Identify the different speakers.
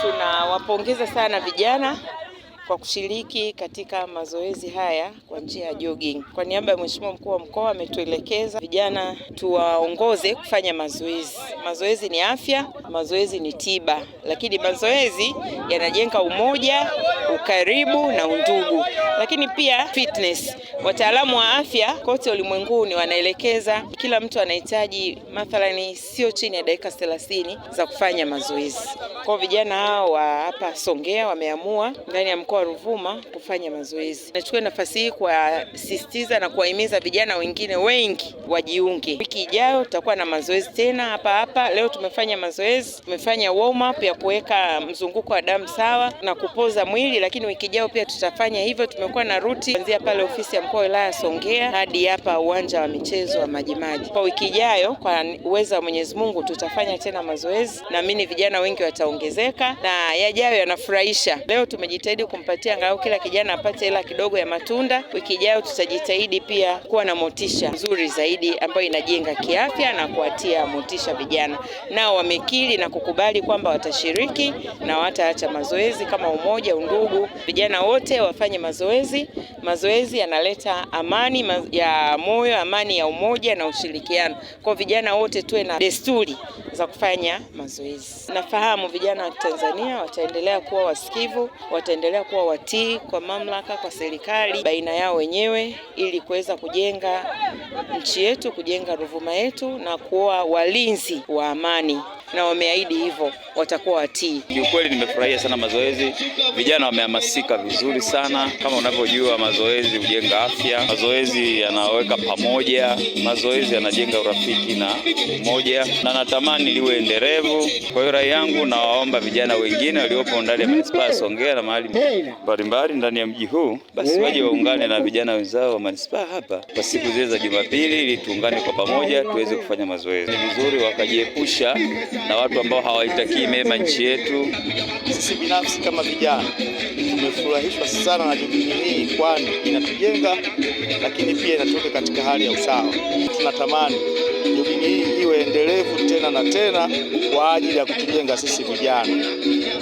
Speaker 1: Tunawapongeza sana vijana kwa kushiriki katika mazoezi haya kwa njia ya jogging. Kwa niaba ya Mheshimiwa Mkuu wa Mkoa ametuelekeza vijana tuwaongoze kufanya mazoezi. Mazoezi ni afya, mazoezi ni tiba, lakini mazoezi yanajenga umoja, ukaribu na undugu. Lakini pia fitness. Wataalamu wa afya kote ulimwenguni wanaelekeza kila mtu anahitaji mathalani sio chini ya dakika 30 za kufanya mazoezi. Kwa vijana hao wa hapa Songea wameamua ndani ya mkoa mkoa wa Ruvuma kufanya mazoezi. Nachukua nafasi hii kuwasisitiza na kuwahimiza vijana wengine wengi wajiunge. Wiki ijayo tutakuwa na mazoezi tena hapa hapa. Leo tumefanya mazoezi, tumefanya warm up ya kuweka mzunguko wa damu sawa na kupoza mwili, lakini wiki ijayo pia tutafanya hivyo. Tumekuwa na ruti kuanzia pale ofisi ya mkoa wa wilaya Songea hadi hapa uwanja wa michezo wa Majimaji. Kwa wiki ijayo, kwa uwezo wa Mwenyezi Mungu, tutafanya tena mazoezi, naamini vijana wengi wataongezeka na yajayo yanafurahisha. Leo tumejitahidi kum tunampatia angalau kila kijana apate hela kidogo ya matunda. Wiki ijayo tutajitahidi pia kuwa na motisha nzuri zaidi ambayo inajenga kiafya na kuatia motisha vijana, nao wamekiri na kukubali kwamba watashiriki na wataacha mazoezi kama umoja, undugu. Vijana wote wafanye mazoezi. Mazoezi yanaleta amani ya moyo, amani ya umoja na ushirikiano. Kwa vijana wote tuwe na desturi za kufanya mazoezi. Nafahamu vijana wa Tanzania wataendelea kuwa wasikivu, wataendelea kuwa kuwa watii kwa mamlaka, kwa serikali, baina yao wenyewe, ili kuweza kujenga nchi yetu, kujenga Ruvuma yetu na kuwa walinzi wa amani na wameahidi hivyo watakuwa watii.
Speaker 2: Kiukweli nimefurahia sana mazoezi, vijana wamehamasika vizuri sana. Kama unavyojua mazoezi hujenga afya, mazoezi yanaweka pamoja, mazoezi yanajenga urafiki na umoja, na natamani liwe endelevu. Kwa hiyo rai yangu, nawaomba vijana wengine waliopo ndani ya manispaa ya Songea na mahali mbalimbali ndani ya mji huu, basi waje waungane na vijana wenzao wa manispaa hapa kwa siku zile za Jumapili ili tuungane kwa pamoja tuweze kufanya mazoezi ni vizuri, wakajiepusha na watu ambao hawaitakii mema nchi yetu.
Speaker 3: Sisi binafsi kama vijana tumefurahishwa sana na jukumu hii, kwani inatujenga, lakini pia inatuweka katika hali ya usawa. Tunatamani jukumu hii iwe endelevu tena na tena kwa ajili ya kutujenga sisi vijana.